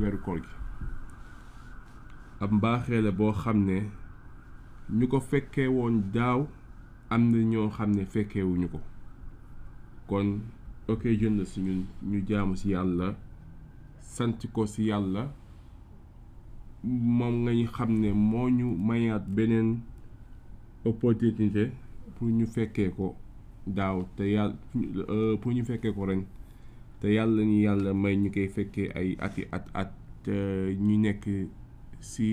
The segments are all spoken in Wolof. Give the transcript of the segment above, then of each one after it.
weeru koor gi ab mbaaxee la boo xam ne ñu ko fekkee woon daaw am na ñoo xam ne fekkewuñu ko kon occasion la si ñu jaamu ci yàlla sant ko ci yàlla moom nga xam ne moo ñu mayaat beneen opportunité pour ñu fekkee ko daaw te yàlla euh, pour ñu fekkee ko ren te yàlla ñu yàlla may ñu koy fekkee ay ati at at ñu nekk si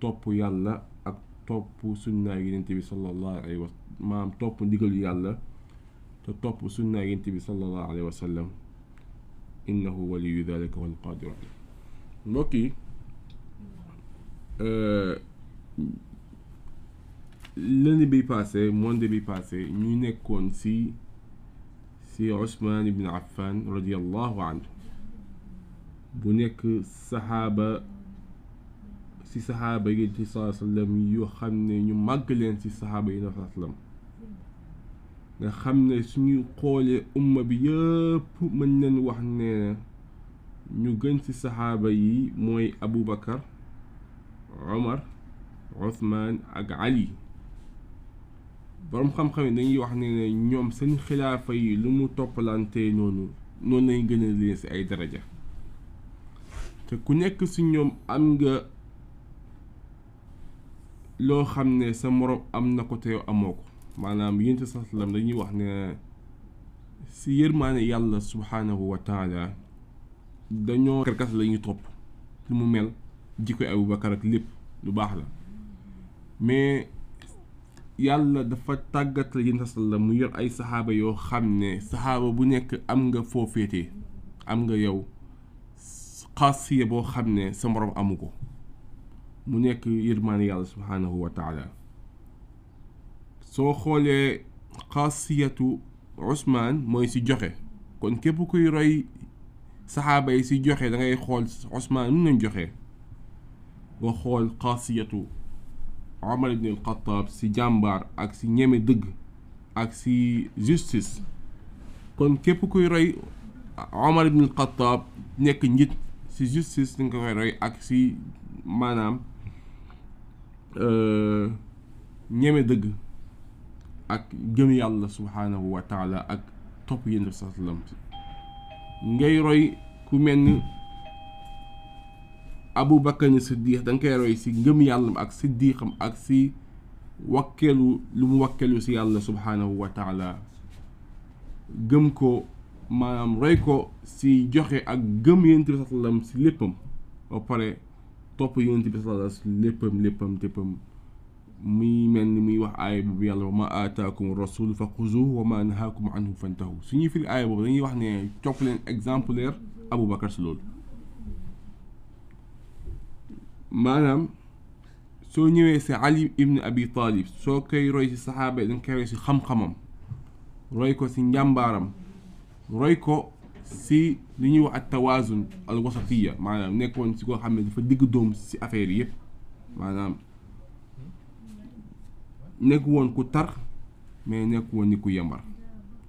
topp yàlla ak topp sunnaa yonent bi sallallahu alayhi wa topp ndigalu yàlla te topp sunnaa yonent bi sallallahu alayhi wa sallam euh, bi passé monde bi passé ñu nekkoon si si Ousmane ibn Affan radiallahu anhu bu nekk saxaaba ci saxaaba yi ci saa sallam yu xam ne ñu màgg leen ci saxaaba yi saa sallam nga xam ne suñu xoolee umma bi yëpp mën nañ wax ne ñu gën ci saxaaba yi mooy Aboubacar Omar Ousmane ak Ali boroom xam-xam yi dañuy wax ne ñoom seen xilaafa yi lu mu toppalantee noonu noonu lañ gën a leen ci ay daraja te ku nekk ci ñoom am nga loo xam ne sa moroom am na ko te yow amoo ko maanaam yénte sa salaam dañuy wax ne ci yërmaane yàlla subhaanahu wa taala dañoo karkas la ñuy topp lu mu mel jikkoy Abubakar ak lépp lu baax la mais yàlla dafa tàggat la yéen sallam mu yor ay saxaaba yoo xam ne saxaaba bu nekk am nga foo am nga yow xaasiya boo xam ne sa moroom amu ko mu nekk yërmaane yàlla subhaanahu wa taala soo xoolee xaasiyatu Usmaan mooy si joxe kon képp kuy roy saxaaba yi si joxe da ngay xool Usmaan mu nañ joxe nga xool xaasiyatu Omar ibn al-Khattab si jàmbaar ak si ñeme dëgg ak si justice kon képp kuy roy Omar ibn al-Khattab nekk njit si justice dinga koy roy ak si maanaam euh, ñeme dëgg ak jëm yàlla subhaanahu wa taala ak topp yéen sallam ngay roy ku mel ni abu bakarin siddiq da nga koy roy si gëm yàllam ak siddiqam ak si wakkeelu lu mu wakkeelu si yàlla subhaanahu wa taala gëm ko maanaam roy ko si joxe ak gëm yonent bi sallam si léppam ba pare topp yonent bi sallam si léppam léppam léppam mi mel ni muy wax aaya boobu yàlla wa ma aataakum rasul fa xuzuhu wa ma nahaakum anhu fantahu su ñuy firi aaya boobu dañuy wax ne topp leen abu Aboubacar si loolu maanaam soo ñëwee si ali ibn abi taalib soo koy roy si saxaaba yi danga koy roy si xam-xamam roy ko si njàmbaaram roy ko si li ñu wax ak tawaasun al wasatiya maanaam nekkoon si ko xam ne dafa digg doom si affaire yëpp maanaam nekk woon ku tar mais nekk woon ni ku yembar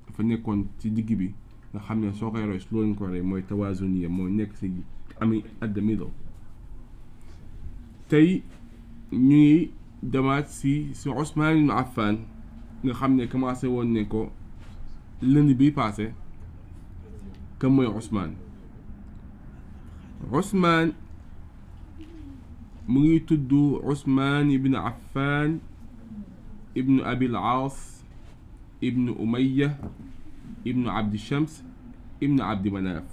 dafa nekkoon si digg bi nga xam ne soo koy roy loolu ñu ko roy mooy tawaasun yi moo nekk si ami adda middle tey ñu ngi demaat si si Ousmane ibn Affan nga xam ne commencé woon ne ko lundi bi passé kan mooy Ousmane Ousmane mu ngi tudd Ousmane ibn Affan ibn Abil Aas ibn Umayya ibn Abdi Shams ibn Abdi Manaf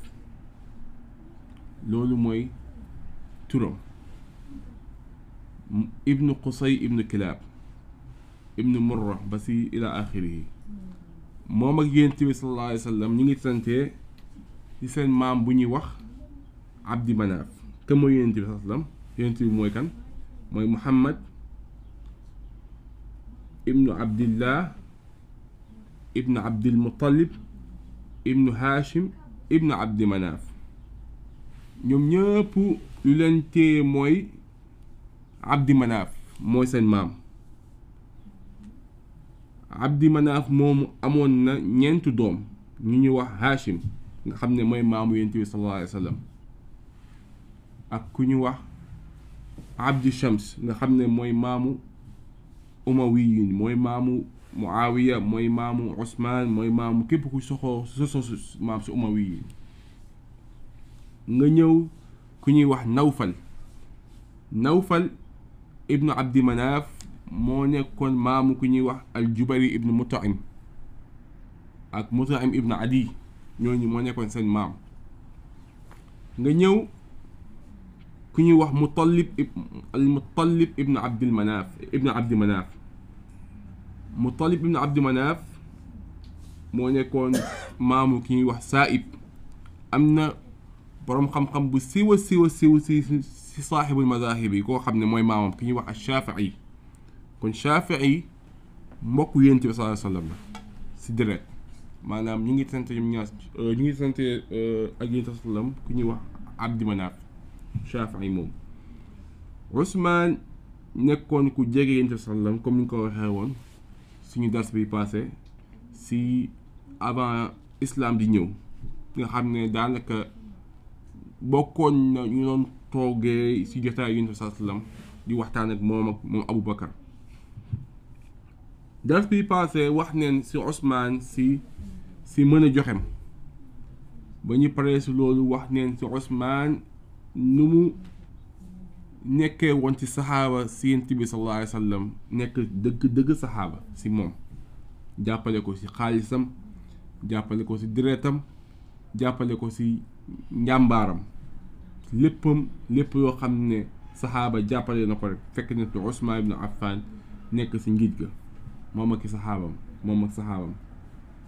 loolu mooy turam ibnu qusay ibnu kilaab ibnu murra ba si ila axirihi moom ak yonent bi sallallahu alayhi wa ñu ngi santee ci seen maam bu ñuy wax abdi manaaf te mooy yonent bi sallallahu alayhi wa sallam yonent bi mooy kan mooy muhammad ibnu abdillah ibnu abdil muttalib haashim ibnu abdi manaaf ñoom ñëpp lu leen téye mooy abdi manaaf mooy seen maam abdi manaaf moomu amoon na ñeenti doom ñu ñuy wax haashim nga xam ne mooy maamu yonent bi sallallahu alayhi ak ku ñu wax abdi shams nga xam ne mooy maamu umawiyin mooy maamu muawiya mooy maamu usmaan mooy maamu képp ku soxoo sosos maam si umawiyin nga ñëw ku ñuy wax nawfal nawfal ibnu abdi manaaf moo nekkoon maamu ku ñuy wax aljubari ibnu mutaim ak mutaim ibnu adi ñooñu moo nekkoon seen maam nga ñëw ku ñuy wax mutallib al mutallib ibnu abdil manaaf ibnu abdi manaaf mutallib ibnu moo nekkoon maamu ki ñuy wax saa'ib am na boroom xam-xam bu siiw a siiw a siiw si saaxibul madahib yi koo xam ne mooy maamam ki ñuy wax ak Shaafi'i kon Shaafi'i mbokk Yonent bi sallallahu alayhi wa sallam la si deret maanaam ñu ngi sant ñoom ñaar ñu ngi sant euh, ak Yonent bi sallam ku ñuy wax Abdi Manaaf Shaafi'i moom Usmaan nekkoon ku jege Yonent bi sallam comme ni nga ko waxee woon suñu dars bi passé si avant islam di ñëw nga xam ne daanaka bokkoon na ñu doon toogee ci jotaay yonent bi saa sallam di waxtaan ak moom ak moom Abu Bakar dars bi passé wax neen si osmaan si si mën a joxem ba ñu paree si loolu wax neen si osmaan nu mu nekkee woon ci saxaaba si yonent bi sallallahu alayhi wa nekk dëgg dëgg saxaaba si moom jàppale ko ci xaalisam jàppale ko ci direetam jàppale ko ci njàmbaaram léppam lépp yoo xam ne saxaaba jàppale na ko rek fekk na te Ousmane ibn Affan nekk ci njiit ga moom ak i saxaabam moom ak saxaabam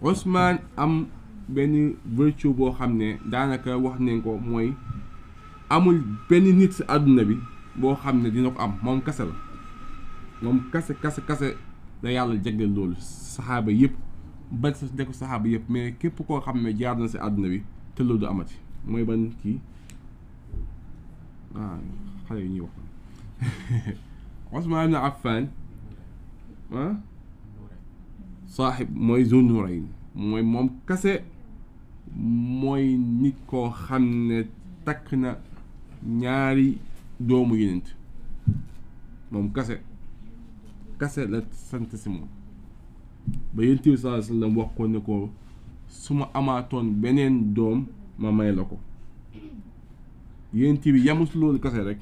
Ousmane am benn vertu boo xam ne daanaka wax nañ ko mooy amul benn nit ci àdduna bi boo xam ne dina ko am moom kase la moom kase kase kase da yàlla jagleel loolu saxaaba yëpp ba sa nekk saxaaba yëpp mais képp koo xam ne jaar na ci àdduna bi te loolu du amati mooy ban kii. ah xale yu ñuy wax Ousmane ibn Affan ah saaxib mooy Zunurayn mooy moom kase mooy nit koo xam ne takk na ñaari doomu yenent moom kase kase la sant si moom ba yent bi sallallahu wax ko ne ko su ma amaatoon beneen doom ma may la ko yonent bi yamul si loolu kese rek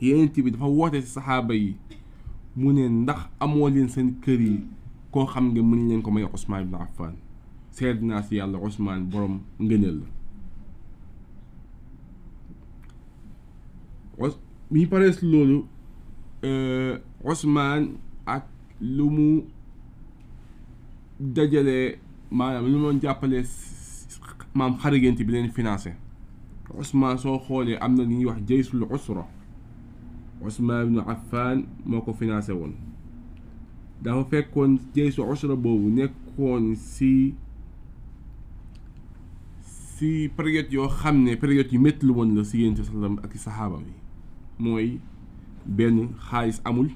yonent bi dafa woote si saxaaba yi mu ne ndax amoo leen seen kër yi koo xam nga mën leen ko may Ousmane ibn Affan seet naa si yàlla Ousmane borom ngëneel la mi paree si loolu euh, Ousmane ak lu mu dajalee maanaam lu mu jàppalee maam xarigent bi leen financé Ousmane soo xoolee am na li ñuy wax jaysul usra Ousmane ibnu Affan moo ko financé woon dafa fekkoon jaysu usra boobu nekkoon si si période yoo xam ne période yu métti la woon la si yéen sallam ak saxaaba bi mooy benn xaalis amul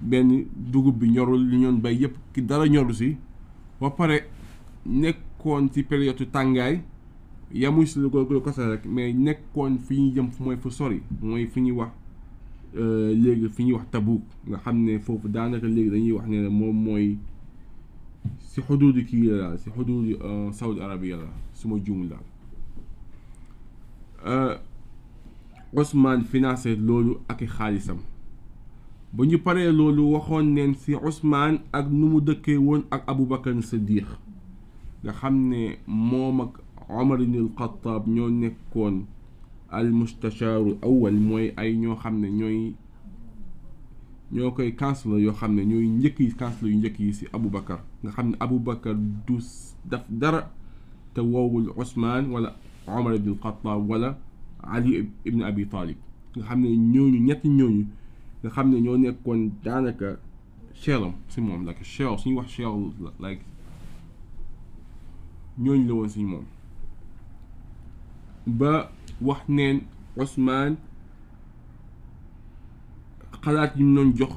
benn dugub bi ñorul li ñoon bay yëpp ki dara ñoru si ba pare nekkoon ci période tàngaay yamuñ si lu ko lu kose rek mais nekkoon fi ñu jëm mooy fu sori mooy fi ñuy wax euh, léegi fi ñuy wax Tabuk nga xam ne foofu daanaka léegi dañuy wax ne moom mooy si xuduudi kii la daal si xuduudi euh, Saudi Arabia la su ma juum daal euh, loolu ak i xaalisam ba ñu paree loolu waxoon neen si Ousmane ak nu mu dëkkee woon ak Aboubacar Siddiq nga xam ne moom ak Omar ibn al-Khattab ñoo nekkoon al mustachaaru awal mooy ay ñoo xam ne ñooy ñoo koy kansla yoo xam ne ñooy njëkk yi kansla yu njëkk yi si Aboubacar nga xam ne Aboubacar du daf dara te woowul Ousmane wala Omar ibn al-Khattab wala Ali ibn Abi Talib nga xam ne ñooñu ñetti ñooñu nga xam ne ñoo nekkoon daanaka cheram si moom like cheer suñu wax cheer like ñooñu la woon si moom ba wax neen osmaan xalaat yi mu doon jox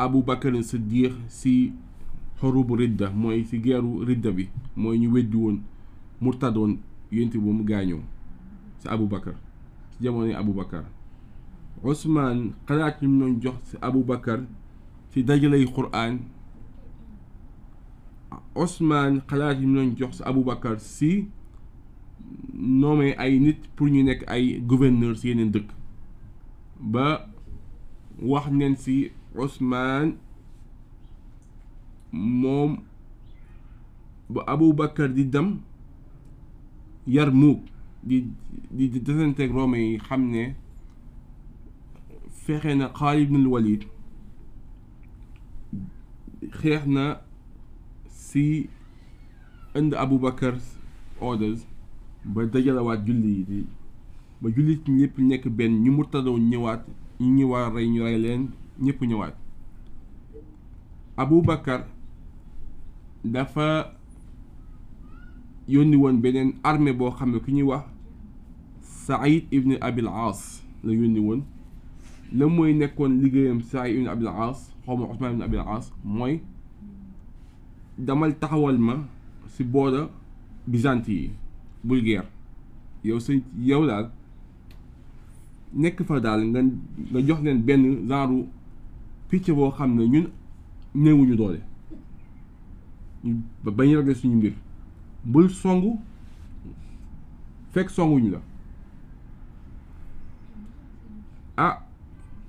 Abu Bakar Siddiq si xorubu ridda mooy si geeru ridda bi mooy ñu weddiwoon woon murtadoon yénte bu mu gaañoo si Abu Bakar si jamono Abu Bakar osmaan xalaat yi mu doon jox ci Abu Bakar si dajalay Qur'aan Ousmane xalaat yi mu jox si Abu Bakar si nommé ay nit pour ñu nekk ay gouverneur yeneen dëkk ba wax neen si Ousmane moom ba Aboubacar di dem Yarmouk di di di desanteeg Roome yi xam ne fexe na Xaalid ibnul xeex na si indi Aboubacar orders ba dajalewaat julli yi ba jullit ñëpp nekk benn ñu murtadoo ñëwaat ñu ñu war rey ñu rey leen ñëpp ñëwaat Abu Bakar dafa yónni woon beneen armée boo xam ne ku ñuy wax Saïd ibn Abil Aas la yónni woon la mooy nekkoon liggéeyam Saïd ibn Abil Aas xaw ma Ousmane ibn Abil Aas mooy damal taxawal ma ci booda Byzante yi bul geer yow sa yow daal nekk fa daal nga jox leen benn genre picc boo xam ne ñun néewuñu doole ñu bañ suñu mbir bul songu fekk songuñu la ah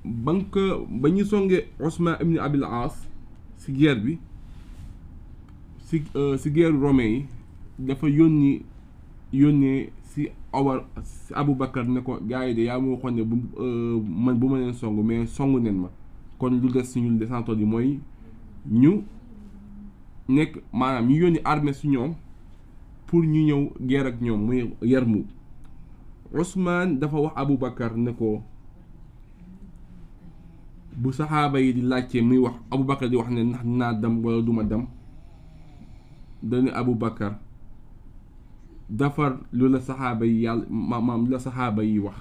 ba nga ko ba ñu songee Ousmane ibn Abil As si guerre bi si euh, si guerre romain yi dafa yónni yónnee si Omar abu Aboubacar ne ko gars yi de yaa moo waxoon ne bu euh, man bu ma leen song mais songu neen ma kon lu des si ñun descendants yi mooy ñu nekk maanaam ñu yónni armée su ñoom pour ñu ñëw guerre ak ñoom muy Yarmouk Ousmane dafa wax Aboubacar ne ko bu saxaaba yi di laajte muy wax abu Aboubacar di wax ne ndax dinaa dam wala duma dem abu bakkar defar lu la saxaaba yi yàlla maam lu la saxaaba yi wax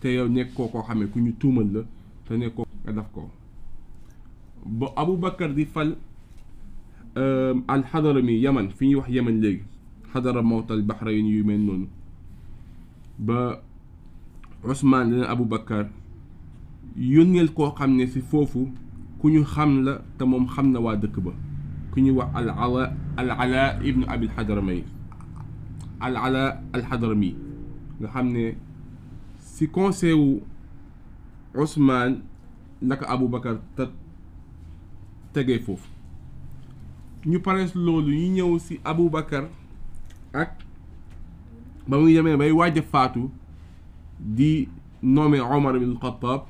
te yow nekkoo koo xamee ku ñu tuumal la te nekkoo ko def ko ba bakkar di fal euh, alxadarami yaman fi ñuy wax yaman léegi xadara mawtal baxrayin yu mel noonu ba Ousmane dina Aboubacar yónneel koo xam ne si foofu ku ñu xam xam na waa dëkk ba ku ñuy wax al ala al ala ibnu al ala alxadrami nga xam ne si conseil wu Ousmane naka Aboubacar te foofu ñu parees loolu ñu ñëw si abu Aboubacar ak ba mu yemee bay waaj faatu di nommé Omar bin Xattaab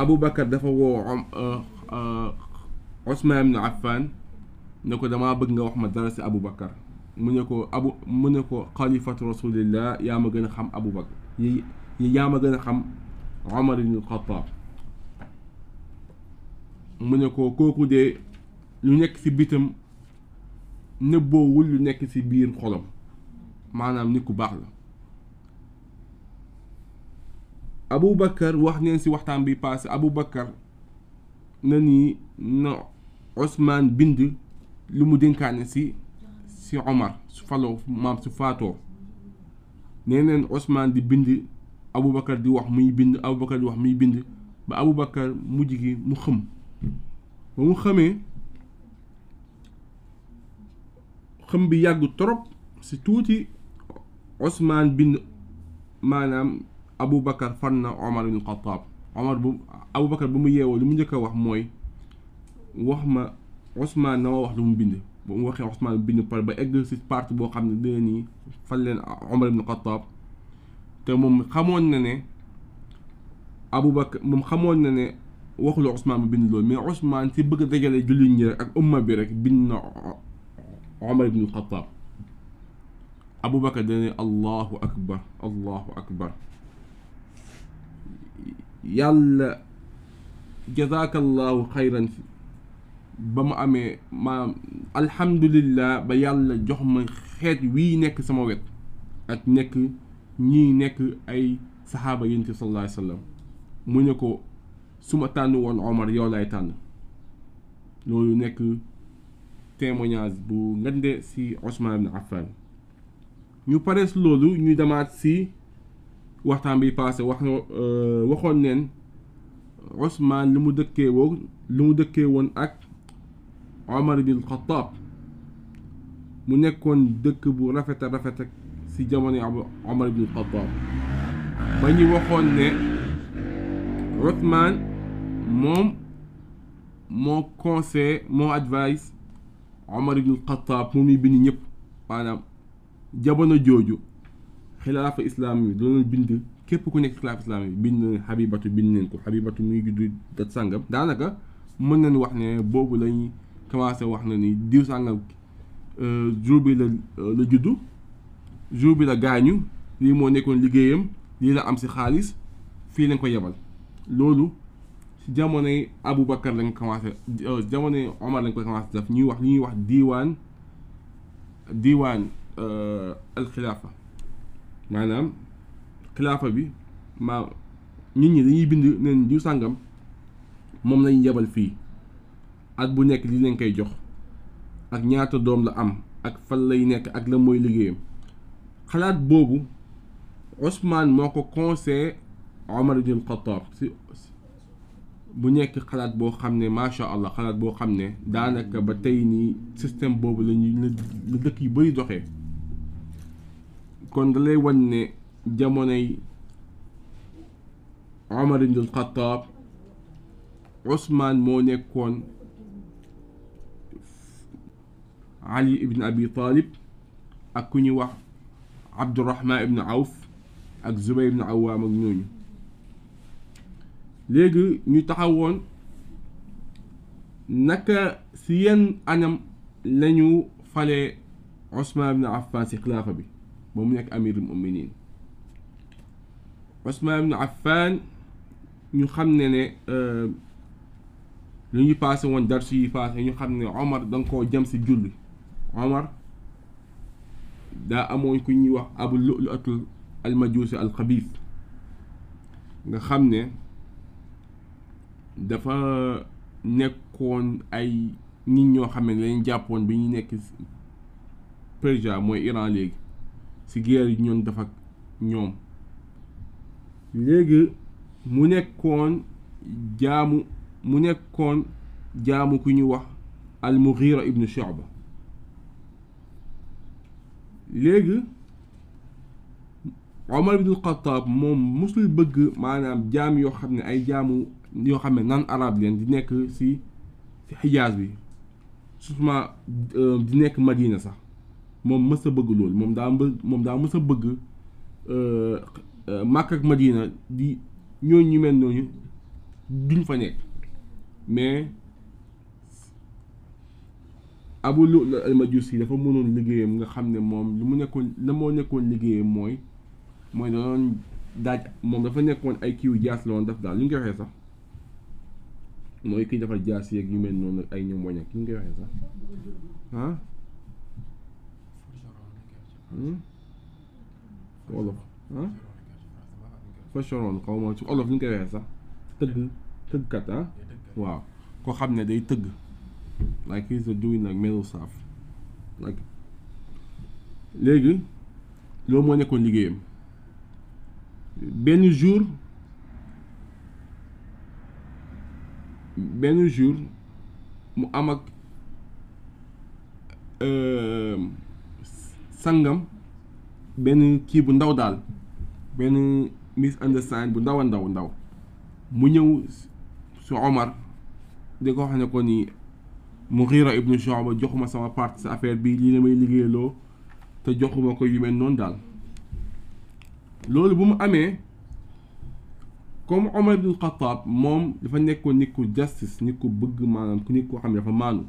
Aboubacar dafa woo euh, euh, Ousmane bin Affan ne ko damaa bëgg nga wax ma dara si Aboubacar mu ne ko abu mu ne ko xalifatu rasulillah gën a xam abu bakar yi yaa gën a xam omar mu ne ko kooku dee lu nekk ci bitam nëbboowul lu nekk ci biir xolam maanaam ni ku baax la abu bakar wax neen si waxtaan bi passé abu bakar na nii na osmaan bind lu mu dénkaane ci si Omar su faloo maam su faatoo nee neen Ousmane di bind Aboubacar di wax muy bind Aboubacar di wax muy bind ba Aboubacar mujj gi mu xëm ba mu xamee xëm bi yàgg trop si tuuti Ousmane bind maanaam Aboubacar far na Omar bin Xataab Omar bu Aboubacar bu mu yeewoo li mu njëkk a wax mooy wax ma Ousmane na ma wax lu mu bind ba mu waxee Ousmane bind pare ba egg parti boo xam ne dina nii fal leen Omar ibn Khattab te moom na ne Aboubacar moom xamoon na ne waxul Ousmane ba bind loolu mais Ousmane si bëgg a dajale jullit ñi rek ak umma bi rek bind na Omar ibn Khattab Aboubacar dana ne allahu akbar allahu akbar yàlla jazakallahu xayran ba mu amee maanaam alhamdulillah ba yàlla jox ma xeet wii nekk sama wet ak nekk ñii nekk ay saxaaba yonent bi sallallahu alayhi wa mu ne ko su ma tànn woon Omar yow laay tànn loolu nekk témoignage bu ngande si osmaan ibn Affan ñu parees loolu ñu demaat si waxtaan bi passé wax euh, waxoon neen osmaan li mu dëkkee woon li mu dëkkee woon ak Omar ibn Khattab mu nekkoon dëkk bu rafet a rafet ak si jamono Omar ibn Khattab ba ñu waxoon ne Othman moom moo conseil moo advice Omar ibn Khattab mu muy bind ñëpp maanaam jamono jooju xilaafa islaam yi doon bind képp ku nekk xilaafa islaam yi bind xabibatu bind neen ko xabibatu muy juddu sàngam daanaka mën na nu wax ne boobu lañuy commencé wax na ni diw sàngam euh, jour euh, la juddu jour bi la gaañu lii moo nekkoon liggéeyam lii la am si xaalis fii lañ ko yebal loolu si jamonoy Aboubacar lañ commencé euh, jamonoy Omar lañ ko commencé def ñuy wax li ñuy wax diiwaan diiwaan alxilaafa maanaam xilaafa bi maa nit ñi dañuy bind neen diw sàngam moom lañ yebal fii at bu nekk li leen koy jox ak ñaata doom la am ak fan lay nekk ak la mooy liggéeyam xalaat boobu osmaan moo ko conseillé Omar ibn Khattab bu nekk xalaat boo xam ne macha allah xalaat boo xam ne daanaka ba tey nii système boobu la la dëkk yu bëri doxee kon da lay wan ne jamonoy Omar ibn osmaan moo nekkoon. ali ibn abi talib ak ku ñuy wax abdurahman ibn awf ak zubayr ibn awaam ak ñooñu léegi ñu taxawoon naka si yenn anam lañu falee Ousmane ibn Affan si xilaafa bi ba mu nekk amirul muminin Ousmane ibn Affan ñu xam ne ne euh, lu ñu paase woon darsu yi paase ñu xam ne Omar da koo jëm si julli Omar daa amoon ku ñuy wax abu lulu atul almajuusi alxabiis nga xam ne dafa nekkoon ay nit ñoo xam ne lañ jàppoon bi ñu nekk Persia mooy Iran léegi ci guerre yi ñoon dafa ñoom léegi mu nekkoon jaamu mu nekkoon jaamu ku ñuy wax al Mughira ibnu Shu'ba léegi Omar ibnul Xataab moom musul bëgg maanaam jaam yoo xam ne ay jaamu yoo xam ne naan arab leen di nekk si si xijaas bi surtout di nekk Madina sax moom mës a bëgg loolu moom daa moom daa mës bëgg euh, euh, màkk ak Madina di ñooñu ñu mel noonu duñ fa nekk mais. Abu Lu'lu al-Majusi dafa mënoon liggéeyam nga xam ne moom lu mu nekkoon la moo nekkoon liggéeyam mooy mooy da doon daaj moom dafa nekkoon ay kiiw jaas la woon def daal lu ñu koy waxee sax mooy kii dafa jaas yeeg yu mel ay ñoom wañ ak ñu koy waxee sax ah hmm? olof ah fachoron xaw ma ci olof lu ñu koy waxee sax tëgg tëggkat ah? waaw koo xam ne day tëgg like he's doing like middle stuff like léegi loolu moo nekkoon liggéeyam benn jour benn jour mu am ak euh, sangam benn kii bu ndaw daal benn misunderstand bu ndaw a ndaw ndaw mu ñëw su Omar di ko xam ne ko nii Mughira ibnu Shu'ba joxuma sama part sa affaire bi lii la may loo te joxuma ko yu mel noonu daal loolu bu mu amee comme Omar ibn Khattab moom dafa nekkoon nit ku justice nit ku bëgg maanaam ku nit koo xam ne dafa maanu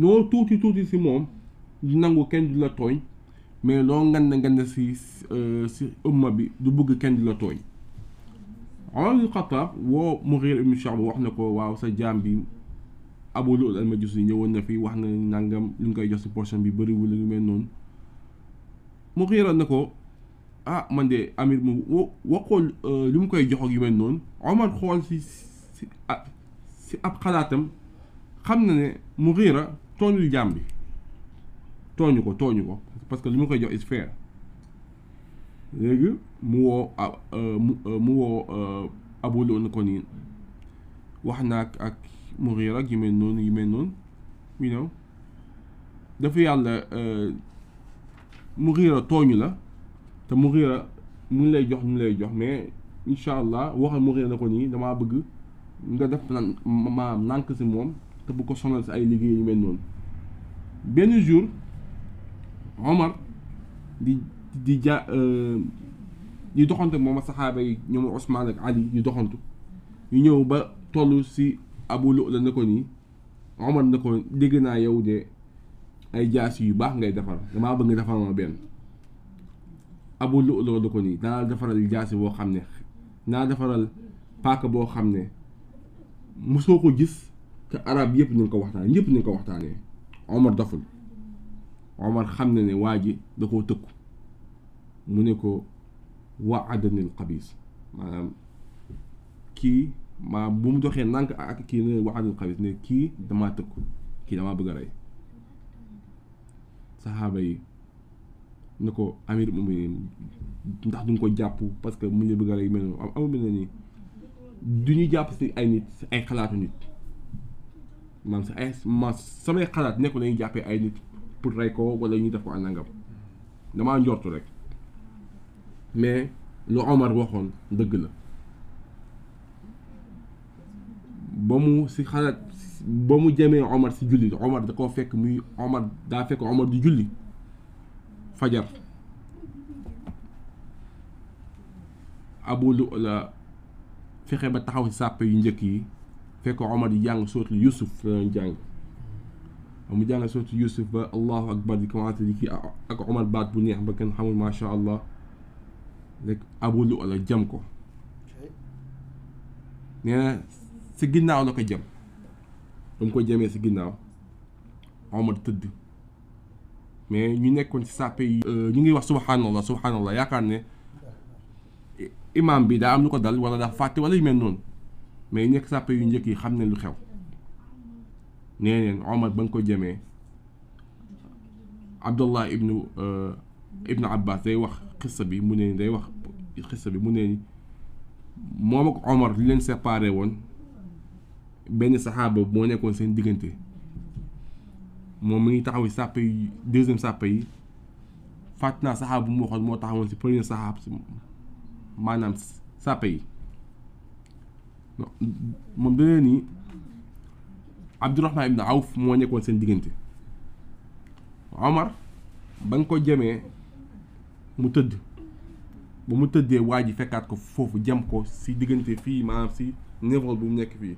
noo tuuti tuuti si moom du nangu kenn du la tooñ mais loo ngan na ngan na si euh, si umma bi du bëgg kenn du la tooñ Omar ibn Xattaab woo Mughira ibn wax na ko waaw sa jaam bi Abu Lu'lu'at al-Majusi ñëwoon na fii wax na nangam li nga koy jox si portion bi bëriwul lu mel noonu Mughira na ko ah man de amir mu wo waxoon euh, li mu koy jox ak yu mel noonu Omar xool si si si ab xalaatam xam na ne Mughira tooñul jaam bi tooñu ko tooñu ko parce que li mu koy jox is fair léegi. mu woo mu woo abul al wax naag ak Mughira yu mel noonu yu mel noonu you know dafa yàlla e, Mughira tooñu la te Mughira mu lay jox mu ngi lay jox mais incha allah waxal Mughira na ko nii damaa bëgg nga def naan nank si moom te bu ko sonal si ay liggéey yu mel noonu benn jour Omar di di ja e, ñu doxante moom saxaaba yi ñoom Ousmane ak Ali ñu doxantu ñu ñëw ba toll si Abu Lu'lu na ko nii Omar na ko dégg naa yow de ay jaas yu baax ngay defar damaa bëgg nga defar ma benn Abu Lu'lu na ko nii danaa defaral jaas boo xam ne naa defaral paaka boo xam ne mosoo ko gis te arab yëpp ni nga ko waxtaanee ñëpp ni nga ko waxtaanee Omar doful Omar xam na ne waa ji da koo tëkku mu ne ko. wa adanil xabis maanaam kii maanaam bu mu doxee nànk ak kii ne wa adanil xabis ne kii damaa tëkku kii damaa bëgg a rey saxaaba yi ne ko amir muminin ndax duñ ko jàpp parce que mu ngi bëgg a rey mel noonu am amul mel ne nii du ñu jàpp si ay nit si ay xalaatu nit maanaam si ay ma samay xalaat nekkul dañuy jàppee ay nit pour rey ko wala ñu def ko àndangam damaa njortu rek. mais lu Omar waxoon dëgg la ba mu si xalaat ba mu jëmee Omar si julli Omar da koo fekk muy Omar daa fekk Omar di julli fajar Abu Lu la fexe ba taxaw si sàppe yu njëkk yi fekk Omar di jàng sootu Yusuf la doon jàng mu jàng sootu Yusuf ba allahu akbar di commencé di kii ak Omar baat bu neex ba kenn xamul macha allah rek abulu wala jëm ko nee na si ginnaaw la ko jëm ba mu ko jëmee si ginnaaw Omar tëdd mais ñu nekkoon si sàppe yi euh, ñu ngi wax subhanallah subhanallah yaakaar ne imam bi daa am lu ko dal wala daa fàtte wala yu mel noonu mais yu nekk sàppe yu njëkk yi xam ne lu xew nee neen Omar ba nga ko jëmee Abdullah ibnu euh, ibnu abbas day wax xissa bi mu ne ni day wax xissa bi mu ne ni moom omar li leen séparé woon benn saxaaba moo nekkoon seen diggante moom mi ngi taxaw sàppe yi deuxième sàppe yi fàtt naa saxaaba bu mu waxoon moo taxawoon si premier maanaam sàppe yi moom danee ni abdurahman ibn awf moo nekkoon seen diggante omar ba nga ko jëmee mu tëdd ba mu tëddee waa ji fekkaat ko foofu jam ko si diggante fii maanaam si niveau bu mu nekk fii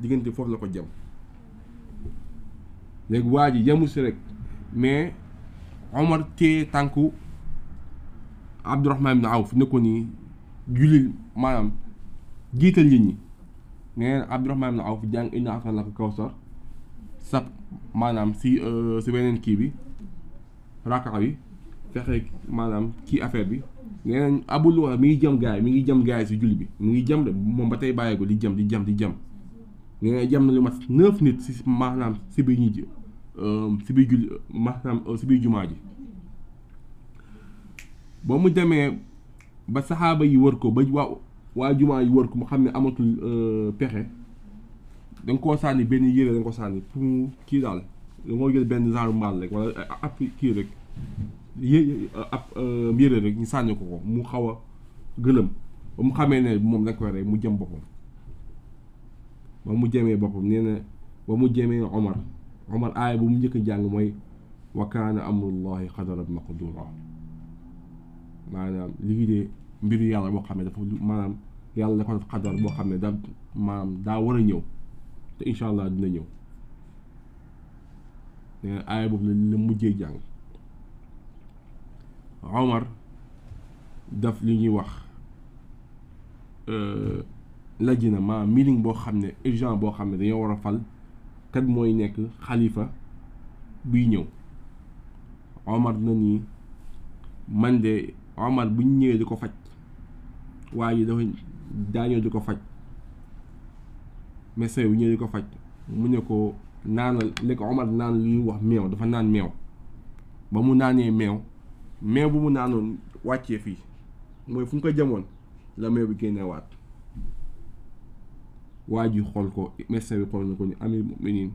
diggante foofu la ko jam léegi waa ji yamu si rek mais Omar tee tànku Abdourahman ibn Awf ne ko nii julli maanaam jiital nit ñi nee na Abdourahman ibn Awf jàng inna atal la ko kawsar sab maanaam si euh, si beneen kii bi rakaxa bi pexe maanaam kii affaire bi nee abul wax mi ngi jëm gaay mi ngi jëm gaay si julli bi mu ngi jëm de moom ba tey bàyyi ko di jëm di jam di jam nee na jëm na lu mat neuf nit si maanaam si biir ñi ji si biir julli euh, jumaa ji ba mu demee ba saxaaba yi wër ko ba waa waa jumaa yi wër ko mu xam ne amatul euh, pexe da nga koo sànni benn yére da ko sànni pour mu kii daal da nga jël benn genre mbaal rek wala ab kii rek yé ab yére euh, rek ñu sànni ko ko mu xaw a gëlëm ba mu xamee ne moom la ko waree mu jëm boppam ba mu jëmee boppam nee na ba mu jëmee Omar Omar aaya bu mu njëkk jàng mooy wa kaana amrullahi qadaran maqdura maanaam lii de mbiru yàlla boo xam ne dafa maanaam yàlla dafa def xadar boo xam ne da daa war a ñëw te incha allah dina ñëw nee aaya boobu la la mujjee jàng Omar daf lu ñuy wax euh, lajina ma meeting boo xam ne urgent boo xam ne dañoo war a fal kat mooy nekk xalifa buy ñëw Omar na ni man de Omar bu ñu ñëwee di ko faj waa ji dafa daa ñëw di ko faj médecin bu ñëwee di ko faj mu ne ko naanal lekk Omar naan li ñuy wax meew dafa naan meew ba mu naanee meew mais bu mu naanoon wàccee fii mooy fu mu ko jamoon la meew bi génnewaat waa ji xool ko médecin bi xool na ko ni amir muminin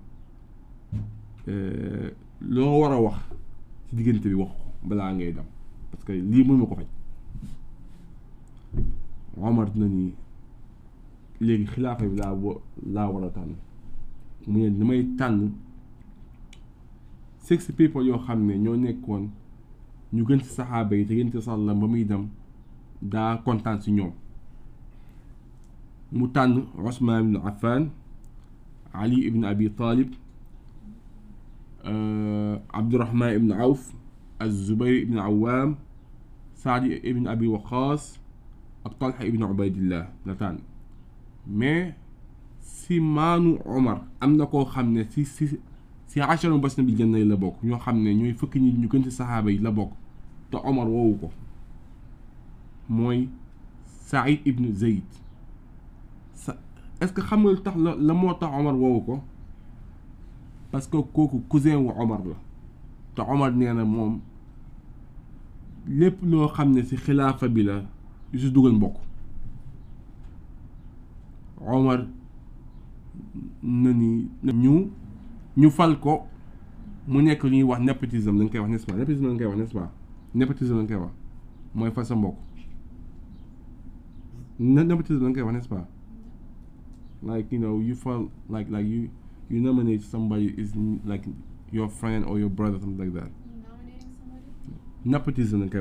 euh, loo war a wax ci diggante bi wax ko balaa ngay dem parce que lii mënu ma ko faj Omar na ni léegi xilaafa bi laa laa war a tànn mu ne damay tànn six people yoo xam ne ñoo nekkoon ñu gën ci saxaaba yi te yonent bi sallam ba muy dem daa kontaan ci ñoom mu tànn Ousmane ibn Affan Ali ibn Abi Talib euh, Abdourahman ibn Awf Az-Zubayr ibn Awam Saad ibn Abi Waqas ak Talha ibn Ubaydillah la tànn mais si maanu am na koo xam ne si si si acharu basna bil la bokk ñoo xam ne ñooy fukki nit ñu gën ci saxaaba yi la bokk te Omar woowu ko mooy Saïd ibnu Zayd sa est-ce que xam nga tax la la moo tax Omar woowu ko parce que kooku cousin wu Omar la te Omar nee na moom lépp loo xam ne ci xilaafa bi la yu si dugal mbokk Omar na ni ñu ñu fal ko mu nekk lu ñuy wax népotisme dañ koy wax n'est-ce pas népotisme dañ koy wax n'est-ce pas népotisme lañ koy wax mooy far sa mbokk népotisme la nga koy wax n'est-ce pas like you know you fall like like you you nominate somebody is like your friend or koy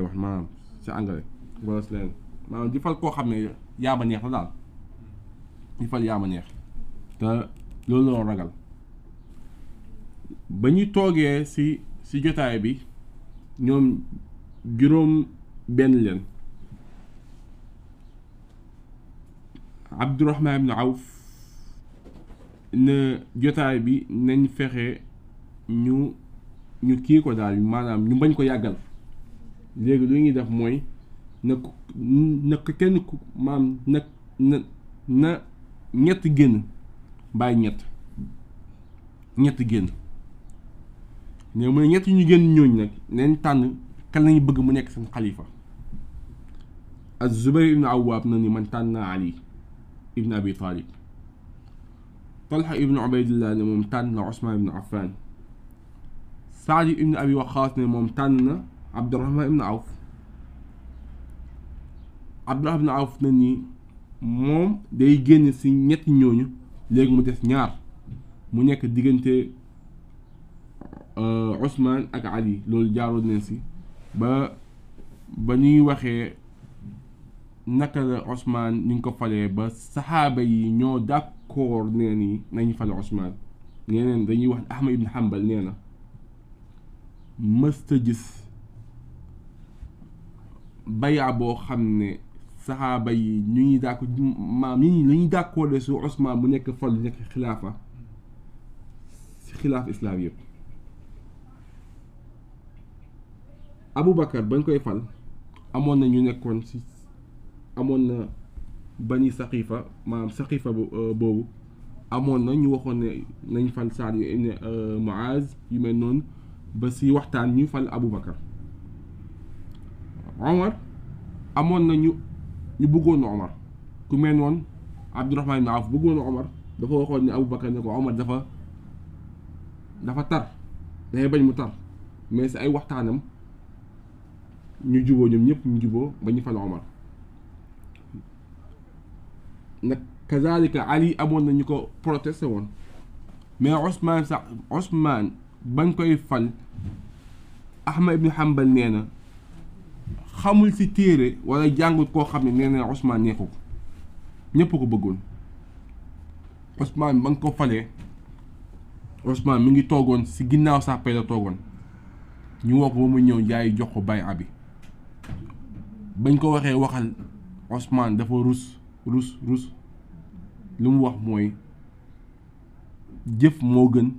wax maanaam ci anglais wala si leen maanaam di fal koo xam ne yaa ma neex la daal di fal yaa ma neex te loolu la ragal ba ñu toogee ci ci jotaay bi ñoom juróom benn leen Abdurahman ibnu Awf ne jotaay bi nañ fexe ñu ñu kii ko daal maanaam ñu bañ ko yàggal léegi lu ñuy def mooy na na kenn ku maam na na na ñett génn bàyyi ñett ñett génn ne mu ne ñett ñu génn ñooñu nag nañ tànn kan lañu bëgg mu nekk seen xalifa az zubayr ibnu awaab na ni man tànn naa ali ibnu abi taalib talha ibnu ubaydillah ne moom tànn na osmaan ibnu affan saadi ibnu abi waqaas ne moom tànn na abdurahman ibnu awf abdurahman ibnu awf na ni moom day génn si ñetti ñooñu léegi mu des ñaar mu nekk diggante osmaan euh, ak ali loolu jaaroon nañ si ba ba ñuy waxee naka la Ousmane ni ñu ko falee ba saxaaba yi ñoo d'accord nee nii nañu fale Ousmane nee dañuy wax Ahmad ibn Hanbal nee na mësta gis bayaa boo xam ne saxaaba yi ñu ñuy maam ñi lu ñuy dàkkoole su Ousmane bu nekk fal xilaafa si xilaaf islaam yëpp abu Aboubacar bañ koy fal amoon na ñu nekkoon ci amoon na bani saqiifa maanaam saqiifa euh, boobu amoon na ñu waxoon ne nañu fal Saad ibn euh, Muaz yu mel noonu ba ci waxtaan ñu fal Aboubacar Omar amoon na ñu ñu bëggoon Omar ku mel noonu Abdourahman ibn Awf bëggoon Omar dafa waxoon ne Aboubacar ne ko Omar dafa dafa tar dafay bañ mu tar mais ci ay waxtaanam. ñu juboo ñoom ñëpp ñu juboo ba ñu fal Omar nag kazalika Ali amoon na ñu ko protesté woon mais Ousmane sax ba bañ koy fal Ahmad ibn Hanbal nee na xamul ci téere walla jàngut koo xam ne nee na Ousmane neexu ko ñëpp ko bëggoon Ousmane ba nga ko falee Ousmane mi ngi toogoon ci ginnaaw sàppe la toogoon ñu woo ba mu ñëw jaay jox ko bay abi bañ ko waxee waxal osmaan dafa rus rus rus li mu wax mooy jëf moo gën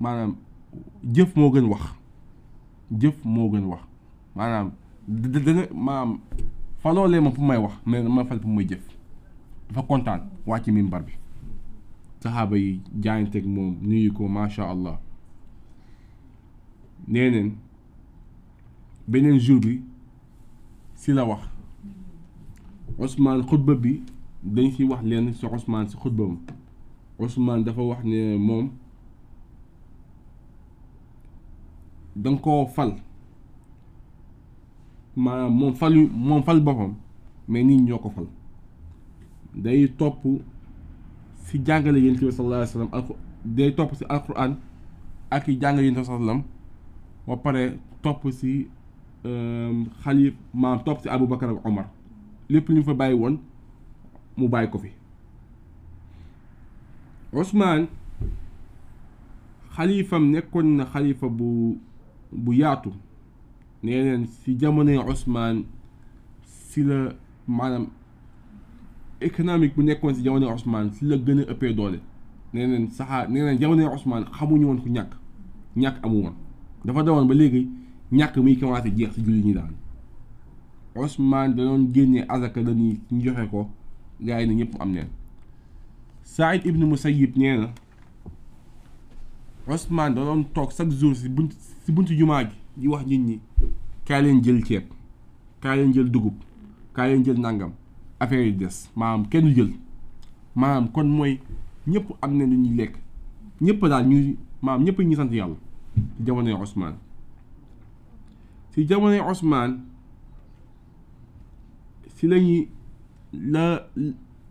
maanaam jëf moo gën wax jëf moo gën wax maanaam dana maanaam faloolee ma fu may wax mais ma fal fu may jëf dafa kontaan wàcc mimbar bi saxaaba yi jaayanteeg moom nuyu ko macha allah nee beneen jour bi si la wax osmaan xutba bi dañu si wax leen si Ousmane si xutbam osmaan dafa wax ne moom danga koo fal maanaam moom falu moom fal boppam mais nit ñoo ko fal day topp si jàngale yéen bi sallallahu day topp si alquran ak yi jàngale yéen bi sallallahu wa pare topp si xalif euh, maam topp si abu ak Omar lépp lu ñu fa bàyyi woon mu bàyyi ko fi Ousmane xalifam nekkoon na xalifa bu bu yaatu nee neen si jamonoy osmaan si la maanaam économique bu nekkoon si jamonoy osmaan si la gën a ëppee doole nee neen saxaar nee neen jamonoy Ousmane xamuñu woon ku ñàkk ñàkk amu woon dafa dawoon ba léegi ñàkk muy commencé jeex si julli ñi daal Ousmane danoon génnee azaka dañuy ñu joxe ko gars yi na ñëpp am neen Saïd ibnu Musayyib nee na danoon toog chaque jour si bunt si buntu jumaa ji di wax nit ñi kaay leen jël ceeb kaay leen jël dugub kaay leen jël nangam affaire yi des maam kenn jël maanaam kon mooy ñëpp am na lu ñuy lekk ñëpp daal ñuy maanaam ñu sant yàlla jamonoy Ousmane ci jamonoy osmaan si lañuy la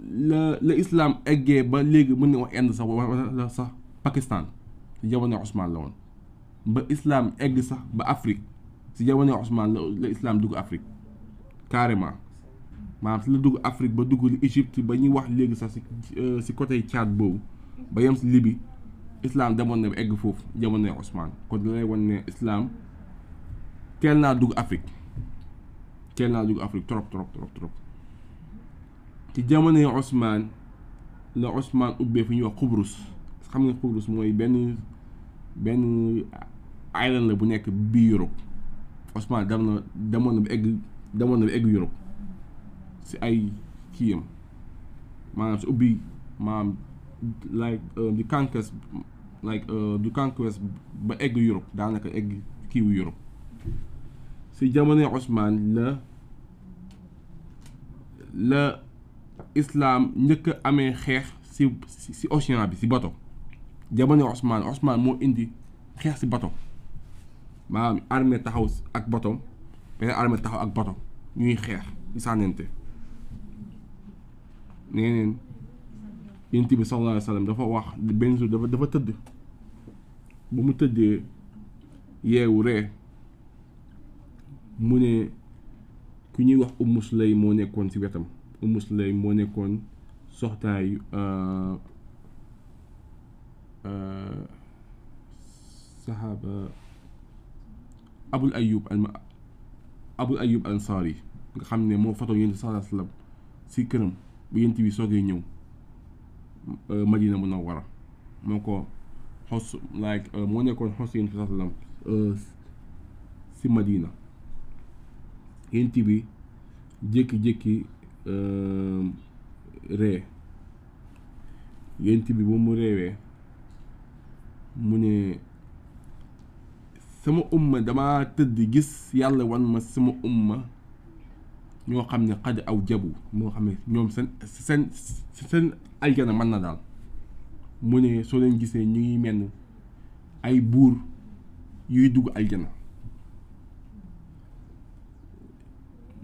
la la eggee ba léegi mën na wax Inde sax wala sax Pakistan si jamonoy Ousmane la woon ba islaam egg sax ba Afrique si jamonoy osmaan la la dugg Afrique carrément maanaam si la dugg Afrique ba dugg li Égypte ba ñuy wax léegi sax si si euh, côté Tchad boobu ba yem si Libye islam demoon na ba egg foofu jamonoy Ousmane kon lay wan ne islam. teel naa dugg Afrique teel naa dugg Afrique trop trop trop trop ci jamonoy Ousmane la Ousmane ubbee fu ñuy wax Xubrus xam nga Xubrus mooy benn benn island la bu nekk bii Europe Ousmane dem na demoon na ba egg demoon na ba egg Europe si ay kiyam maanaam si ubbi maanaam like euh, du conquest like euh, du conquest ba egg Europe daanaka egg kiiwu Europe. si jamonoy osmaan la la islaam njëkk amee xeex si ocean bi si bato jamonoy osmaan osmaan moo indi xeex si bato maanaam armée taxaw ak bato beneen armée taxaw ak bato ñuy xeex di sànnente nee neen yonent bi sallallahu alayhi dafa wax benn jour dafa dafa tëdd bu mu tëddee yeewu ree mu ne ku ñuy wax Ummu Sulaym moo nekkoon ci wetam Ummu Sulaym moo nekkoon soxnaayu euh, euh, saxaaba Abul Ayyub al Abul Ayyub nga xam ne moo foto yonent sallallahu alayhi si këram bu yonent bi soogee ñëw euh, Madina Munawwara moo ko xos like moo nekkoon xos yonent bi sallallahu alayhi wasallam Madina yent bi jékki-jékki euh, ree yent bi ba mu reewee mu ne sama umma damaa tëdd gis yàlla wan ma sama umma ñoo xam ne xad aw jabu moo xam ne ñoom seen seen seen aljana mën na daal mu ne soo leen gisee ñuy ngi mel ay buur yuy dugg aljana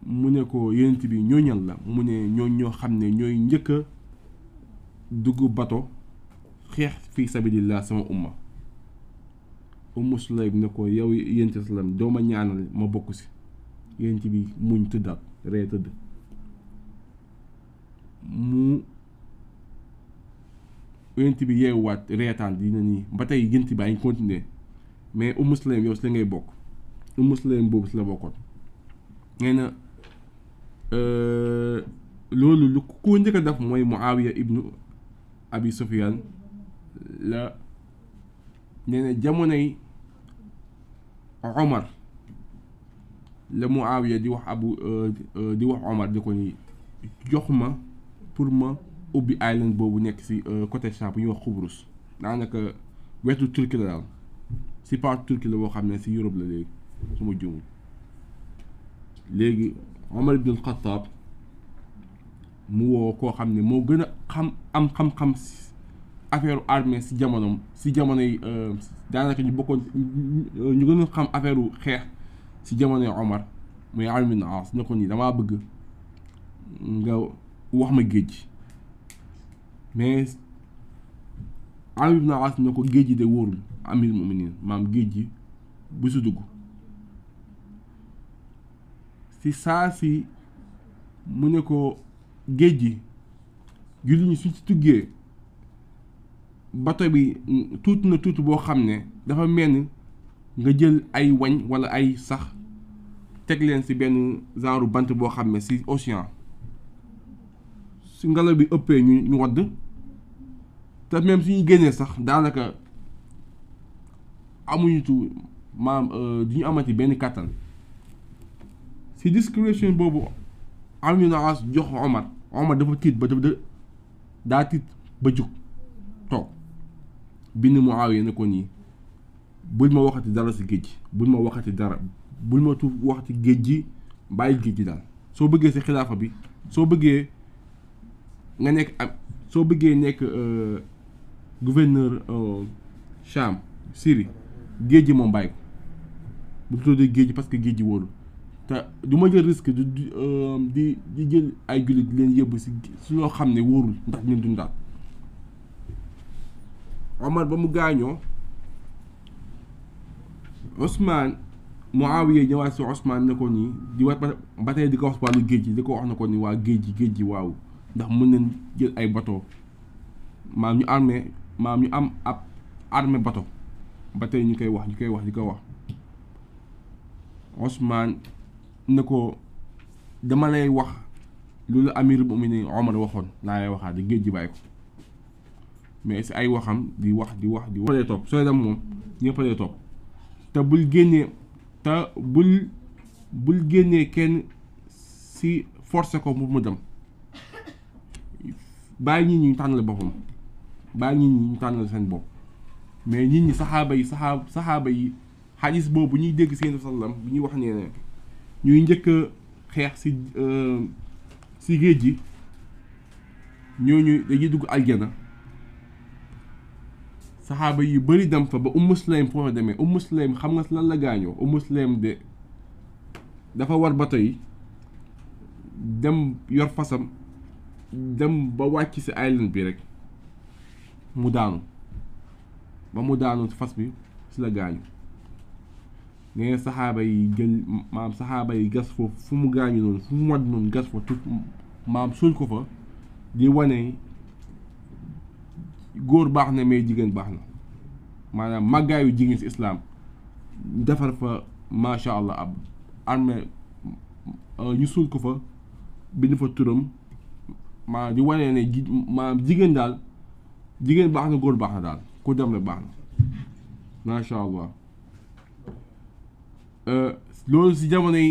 mu ne ko yonent bi ñooñal la mu ne ñooñ ñoo xam ne ñooy njëkk a dugg bato xeex fi sabilillah sama umma ummu sulaym ne ko yow yonent salaam doo ma ñaanal ma si yonent bi muñ tëddaat tëdd mu yonent bi yeewaat reetaan dina nii ba tey gént bi ay continuer mais ummu sulaym yow si la ngay bokk ummu sulaym boobu si la bokkoon nee Euh, loolu lu ko njëkk a def mooy Muawiya ibnu Abi Sufyaan la nee na jamonoy Omar la Muawiya di wax abu euh, di wax Omar di ko ni jox ma pour ma ubbi island boobu nekk si euh, côté champ bu ñuy wax Xubrus daanaka wetu Turki la daal si part Turki la boo xam ne si Europe la léegi su ma juumul léegi Omar ibn Khattab mu wow koo xam ne moo gën a xam am xam-xam affaire armée si jamono si jamono yi euh, daanaka ñu bokkoon ñu gën a xam affaire xeex si jamonoy Omar muy Amr ibn As ne ko nii damaa bëgg ma géej mais Amr ibn ko géej gi de wóorul amir muminin maam géej gi bu su dugg si saa si mu ne ko géej gi jullit ñi suñ ci tuggee bato bi tuuti na tuuti boo xam ne dafa mel ni nga jël ay wañ walla ay sax teg leen si benn genre bant boo xam ne si océan su ngelaw bi ëppee ñu ñu wadd te même suñuy génnee sax daanaka amuñu tu maam euh, du ñu amati benn kàttan si discrimination boobu Amina As jox Omar Omar dafa tiit ba dafa daa tiit ba jug toog bind mu aawee ne ko nii buñ ma waxati dara si géej gi buñ ma waxati dara buñ ma tu waxati géej gi bàyyi géej gi daal soo bëggee si xilaafa bi soo bëggee nga nekk am soo bëggee nekk euh, gouverneur euh, Cham Syrie géej gi moom bàyyi ko bu tuddee géej gi parce que géej gi wóolu te du ma jël risque euh, di di jël ay jullit di leen yëbb si si loo xam ne wóorul ndax ñun dundaat Omar ba mu gaañoo Ousmane Muawiya ñëwaat si Ousmane ne ko nii di wax ba tey di ko wax wàllu géej gi di ko wax na ko ni waa géej gi géej gi waaw ndax mën nañ jël ay bato maam ñu armé maam ñu am ab armé bato ba tey ñu koy wax ñu koy wax di ko wax na ko dama lay wax loolu amirul muminin Omar waxoon laa lay waxaat di géej ji bàyyi ko mais si ay waxam di wax di wax di wax. ñëpp topp sooy dem moom ñëpp a topp te bul génnee te bul bul génnee kenn si forcer ko pour mu dem bàyyi nit ñi ñu tànnal boppam bàyyi nit ñi ñu tànnal seen bopp mais nit ñi saxaaba yi saxaaba saxaaba yi xadis boobu ñuy dégg seen sallam bu ñuy wax nee ne ñuy njëkk a xeex si euh, si géej gi ñooñu dañuy dugg aljana saxaaba yu bëri dem fa ba Umm Sulaym foo fa demee Umm Sulaym xam nga lan la gaañoo Umm Sulaym de dafa war bato yi dem yor fasam dem ba wàcc si island bi rek mu daanu ba mu daanu fas bi si la gaañu nee na saxaaba yi jël maam saxaaba yi gas foofu fu mu gaañu noonu fu mu wadd noonu gas fa maam suul ko fa di wane góor baax na mais jigéen baax na maanaam màggaayu jigéen si islaam defar fa macha allah ab euh, suul ko fa bind fa turam maanaam di wane ne maanaam jigéen daal jigéen baax na góor baax na daal ku dem la baax na macha allah. Euh, loolu si jamonoy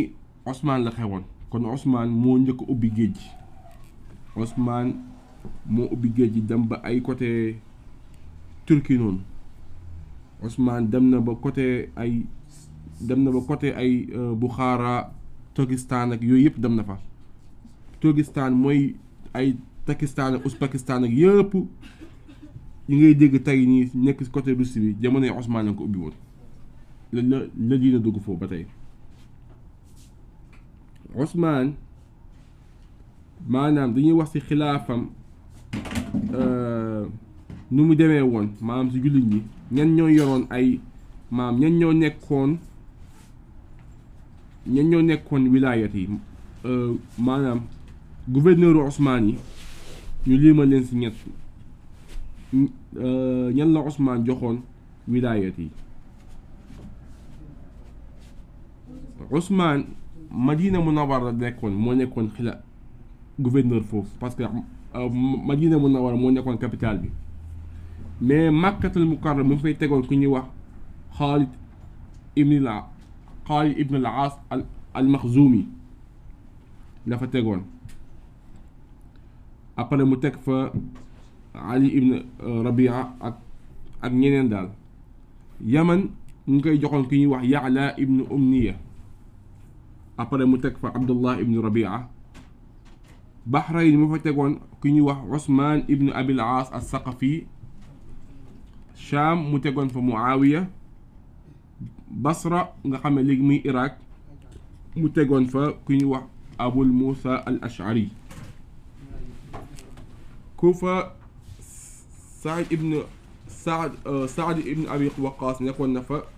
osmaan la xewoon kon osmaan moo njëkk ubbi géej gi Ousmane moo ubbi géej gi dem ba ay côté Turquie noonu osmaan dem na ba côté ay dem na ba côté ay euh, Bukhara Turkistan ak yooyu yëpp dem na fa Turkistan mooy ay Takistan ak Ouzbékistan ak yëpp yi ngay dégg tey nii nekk côté Russie bi jamonoy Ousmane la ko ubbi woon la la la diina dugg foofu ba tey osmaan maanaam dañuy wax ci xilaafam euh, nu mu demee woon maam ci jullit ñi ñan ñoo yoroon ay maam ñan ñoo nekkoon ñan ñoo nekkoon wilaayat yi euh, maanaam gouverneur osmaan yi ñu liima leen ci ñett euh, ñan la Ousmane joxoon wilaayat yi Ousmane Madina Munawara nekkoon moo nekkoon xila gouverneur foofu parce que euh, Madina Munawara moo nekkoon capitale bi mais Makkatul Mukarram mu fay tegoon ku ñuy wax Xaalid ibn la Xaalid ibn al Aas al al Maxzumi la fa tegoon après mu teg fa Ali ibn euh, Rabia ak ak ñeneen daal Yaman ñu ngi koy joxoon ku ñuy wax Yaala ibn Umniya après mu teg fa abdullah ibnu rabia bahrayn mu fa tegoon ku ñuy wax usman ibnu abil aas al saqafi sham mu tegoon fa muawiya basra nga xam ne léegi muy iraq mu tegoon fa ku ñuy wax abul moussa al ashari kufa saad ibnu saad euh, saad ibnu abi waqaas nekkoon na fa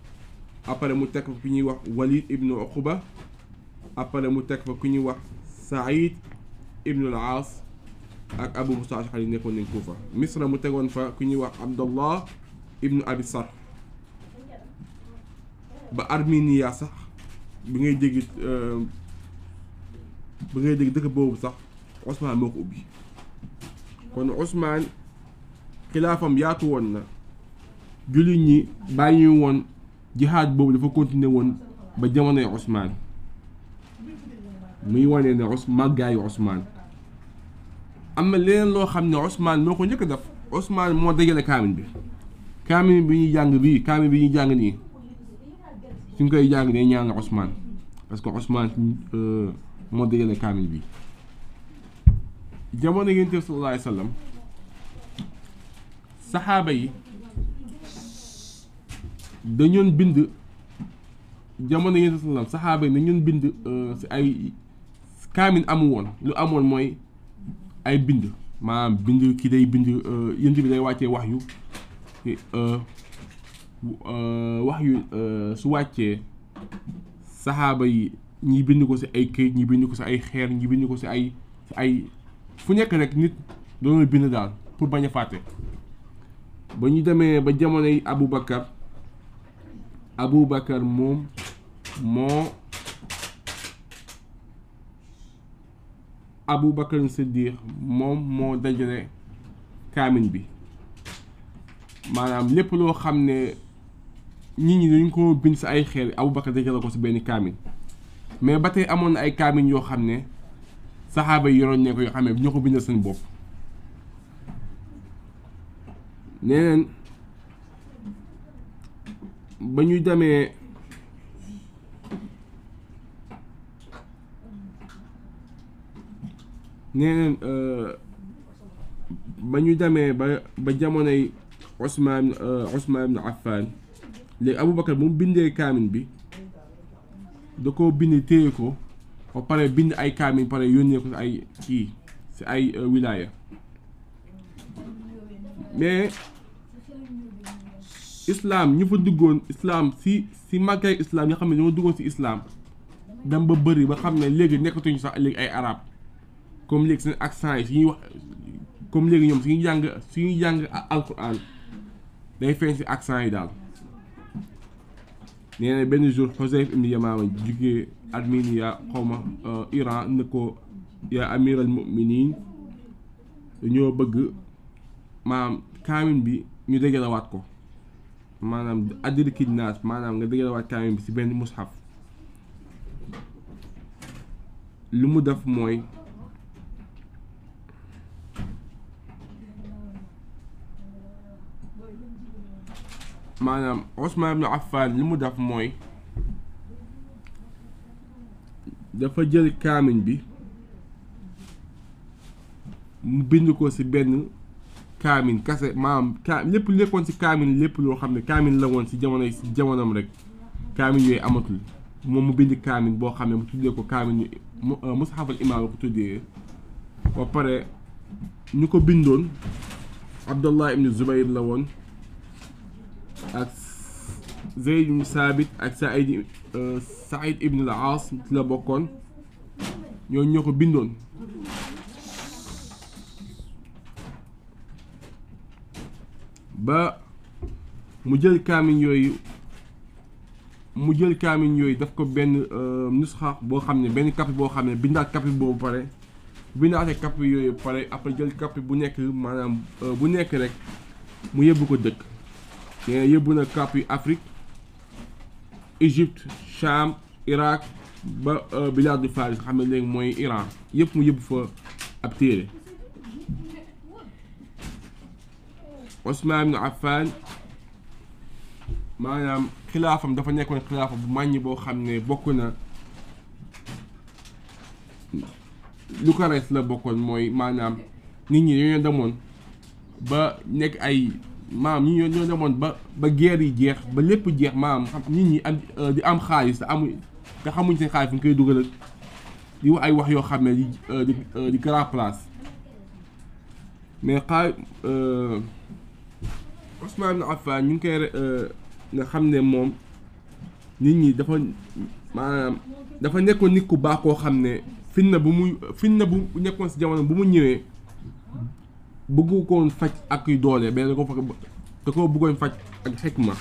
après mu teg fa ku ñuy wax walid ibnu uquba après mu teg fa ku ñuy wax Saïd ibnul Aas ak Abu Musa Ashari nekkoon nañ Kuufa Misra mu tegoon fa ku ñuy wax Abdallah ibnu Abi Sar ba Armenia sax bi ngay dégg euh, bi ngay dégg dëkk boobu sax Ousmane moo ko ubbi kon Ousmane xilaafam yaatu woon na jullit ñi bàyyi woon jihaad boobu dafa continuer woon ba jamonoy Ousmane muy wane ne màggaayu osmaan am na leneen loo xam ne Ousmane moo ko njëkk a def Ousmane moo dajale kaamin bi kaamin bi ñuy jàng bii kaamin bi ñuy jàng nii suñ koy jàng day ñaan Ousmane parce que Ousmane euh, moo dajale kaamin bi jamono Yonent bi sallallahu alayhi saxaaba yi dañoon bind jamono Yonent saxaaba yi dañoon bind euh, si ay kaamin amul lu amoon mooy ay bind maanaam bind ki day bind euh, yënd bi day wàccee wax yu euh, euh, wax yu su wàccee saxaaba yi ñi bind ko si ay këyit ñi bind ko si ay xeer ñi bind ko si ay si ay fu nekk rek nit doonul bind daal pour bañ a fàtte ba ñu demee ba jamonoy Aboubacar Aboubacar moom moo Abu Bakar Siddiq moom moo dajale kaamin bi maanaam lépp loo xam ne nit ñi dañ ko bind si ay xeer Abu Bakar dajale ko si benn kaamin mais ba tey amoon na ay kaamin yoo xam ne saxaaba yi yoroon ne ko yoo xam ne ñoo ko bindal seen bopp nee ba ñuy demee nee neen euh, ba ñu demee ba ba jamonoy osmaan euh, Ousmane ibn Affan léegi Aboubacar bu mu bindee kaamin bi da ko bind téye ko ba pare bind ay kaamin pare yónnee ko si ay kii si ay euh, wilaya mais islam ñu fa duggoon islam si si màggay islaam ñi xam ne ñoo duggoon ci islaam dem ba bëri ba xam ne léegi nekkatuñu sax léegi ay arab comme léegi seen accent yi su ñuy wax comme léegi ñoom suñuy jàng suñuy jàng alquran day feeñ si accent yi daal nee benn jour Xoseyf ibn Yamaama jugee Armenia xaw ma euh, Iran ne ko amiral muminin dañoo bëgg maanaam kaamin bi ñu dëggalawaat ko maanaam addiriki maanaam nga dëggalawaat kaamin bi si benn mushaf lu mu def mooy maanaam Ousmane ibn Affan li mu def mooy dafa jël kaamin bi mu bind ko si benn kaamin kase maanaam kaa lépp léppoon ci kaamin lépp loo xam ne kaamin la woon ci jamono ci jamonoom rek kaamin yooyu amatul moom mu bind kaamin boo xam ne mu tuddee ko kaamin euh, mushafal imaam la ko tuddee ba ñu ko bindoon Abdallah ibn Zubayr la woon ak Zeyd ibn Saabit ak euh, ci la bokkoon ñoo ñoo ko bindoon ba mu jël kaamin yooyu mu jël kaamin yooyu daf ko benn euh, nusxa boo xam ne benn kapi boo xam ne bindaat kapi boobu pare bindaate kapi yooyu pare après jël kapi bu nekk maanaam euh, bu nekk rek mu yóbbu ko dëkk yóbbu na cap yu Afrique Égypte Cham Irak ba bilaad du xam ne léegi mooy Iran yëpp mu yóbbu fa ab téere Ousmane ibn maanaam xilaafam dafa nekkoon xilaafa bu màññ boo xam ne bokk na lu ko rees la bokkoon mooy maanaam nit ñi dañoo demoon ba nekk ay maam ñi ñoo ñoo demoon ba ba guerre yi jeex ba lépp jeex maam xam nit ñi am euh, di am xaalis te amuñ te xamuñ seen xaalis fu koy dugal di wax ay wax yoo xam ne di euh, euh, di grand place mais xaay Ousmane Ibn Affan ñu ngi koy nga xam ne moom nit ñi dafa maanaam dafa nekkoon nit ku baax koo xam ne fitna bu muy fitna bu nekkoon si jamono bu mu ñëwee bëggu ko faj ak yu doole mais da ko fa da koo bëggoon faj ak ma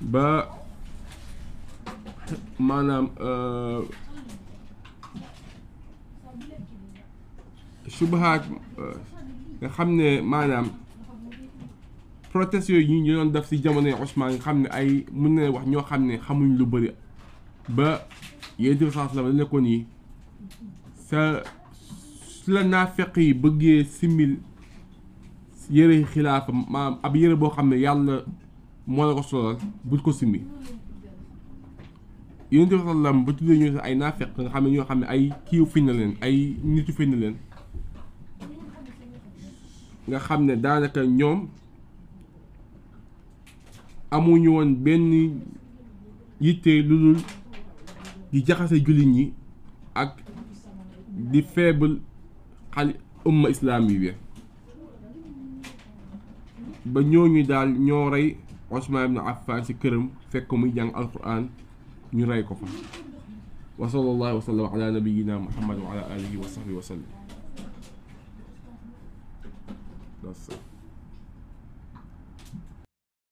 ba maanaam euh, subahaat euh, nga xam ne maanaam protest yooyu ñu doon def ci jamono yi xam ne ay mun ne wax ñoo xam ne xamuñ lu bëri ba yéen di saa la nekkoon nii sa su la naafeq yi bëggee simil yëre xilaafa maanaam ab yëre boo xam ne yàlla moo la ko solal bul ko simil yonent bi sallam ba tuddee ñoo ay naafeq nga xam ne ñoo xam ne ay kiiw fiñ na leen ay nitu fiñ leen nga xam ne daanaka ñoom amuñu woon benn yitte lu dul di jaxase jullit yi ak di faible al umma islaami bi ba ñooñu daal ñoo rey Ousmane ibn Affan ci këram fekk muy jàng alquran ñu rey ko fa wa sallallahu wa sallam ala nabiyina muhammad wa ala alihi wa sahbihi wa sallam